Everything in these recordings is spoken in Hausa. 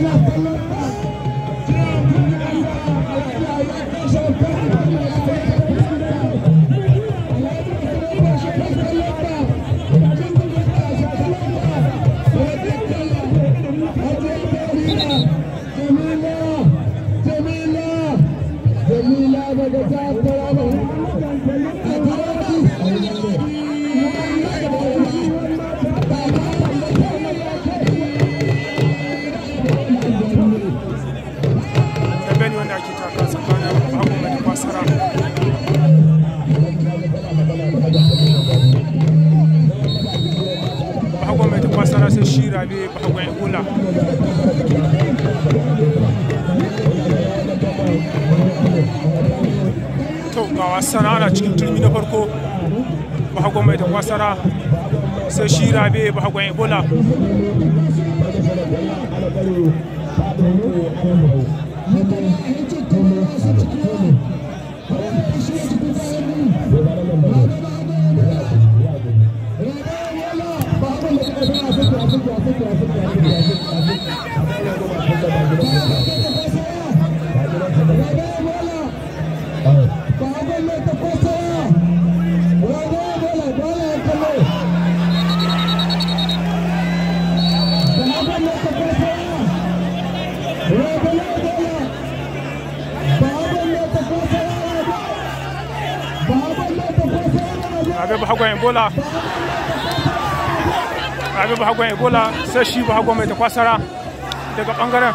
Jamila, Jamila, Jamila, Jamila, shi rabe bagwai hula to ga wasan ana cikin turmi na farko bahagwan mai tafasara sai Abi bu ebola ebola sai shi hagon mai ta kwasara. Tebak Angara.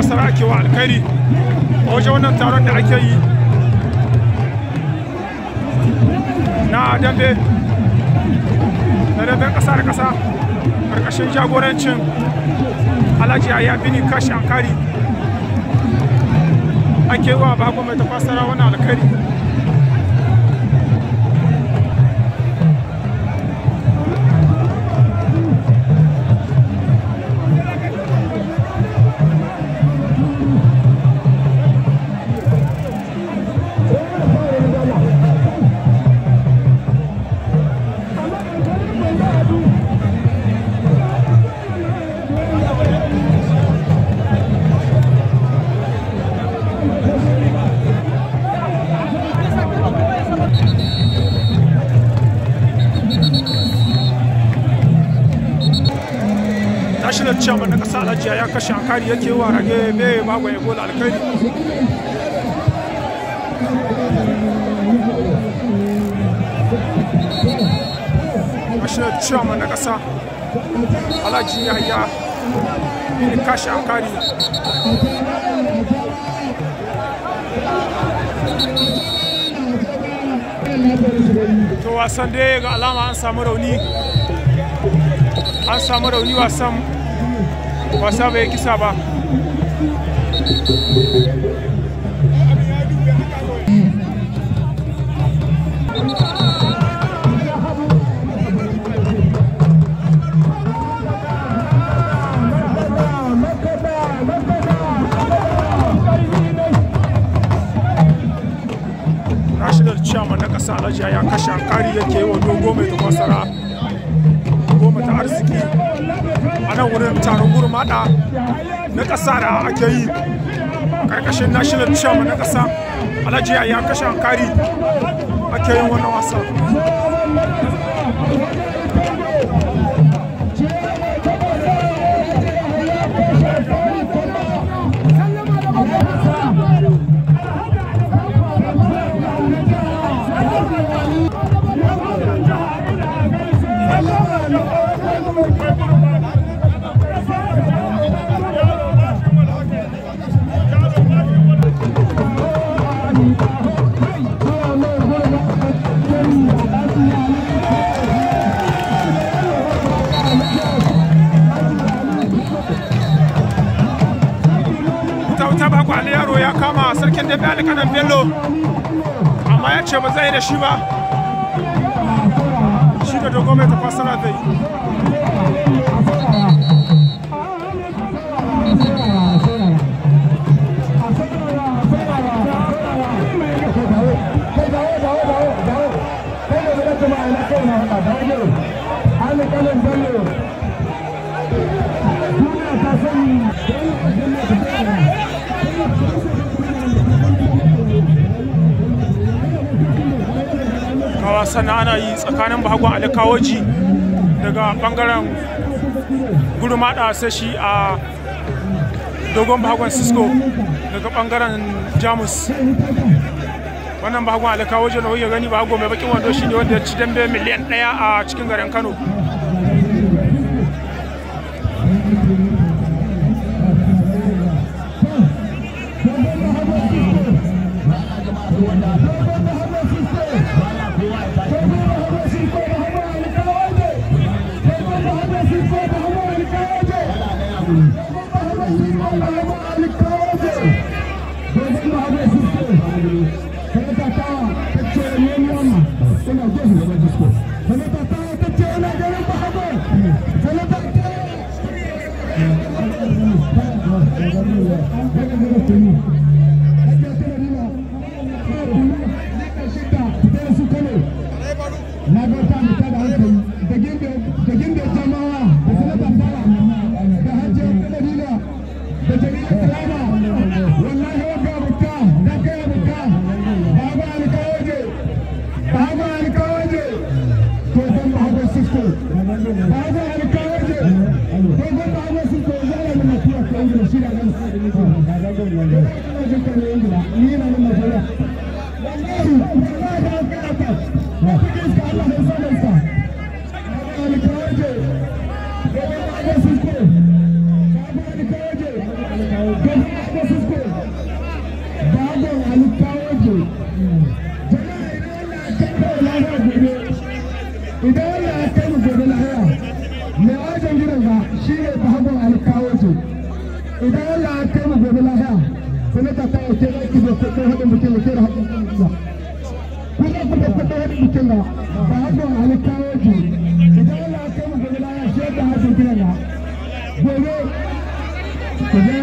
masara ake wa alkhairi a wajen wannan taron da ake yi na dambe na damben ƙasa da ƙasa ƙarƙashin jagorancin alhaji ya bini kashi ankari ake wa bago mai tafasara wani alkhairi shaman na kasa ya kashe hankali yake wa rage mai magon ebola alkaidi national chairman na kasa alhaji yahya bin kashe hankali to wasan dai ga alama an samu rauni an samu rauni wasan wasa bai kisa ba national chairman na kasa alhaji ya kashe hankali yake wa dogo mai masara nan wurin taron gurmada na ƙasa da ake yi ƙarƙashin national chairman na kasa alhaji ya kashe hankari ake yin wannan wasa sarkin da bai alkanan bello amma ya ce ba zai da shi ba shi da dogon mai tafasara zai sannan ana yi tsakanin bahagon alakawaji daga bangaren gurmada sai sashi a dogon bahagon cisco daga bangaren jamus wannan bahagon alakawaji na ya gani bahagon mai bakin wando shi ne wanda ya ci dambe miliyan daya a cikin garin kano Buenas idan Allah ya kai mu gobe lahira mai wajen gidan ba shi ne ta hagun alkawo ce idan Allah ya kai mu gobe lahira sanata ta yake da ki da kuɗin haɗin bikin yake da haɗin kuɗin ba kuma ku da kuɗin bikin ba ta hagun alkawo ce idan Allah ya kai mu gobe lahira shi ta hagun gidan ba gobe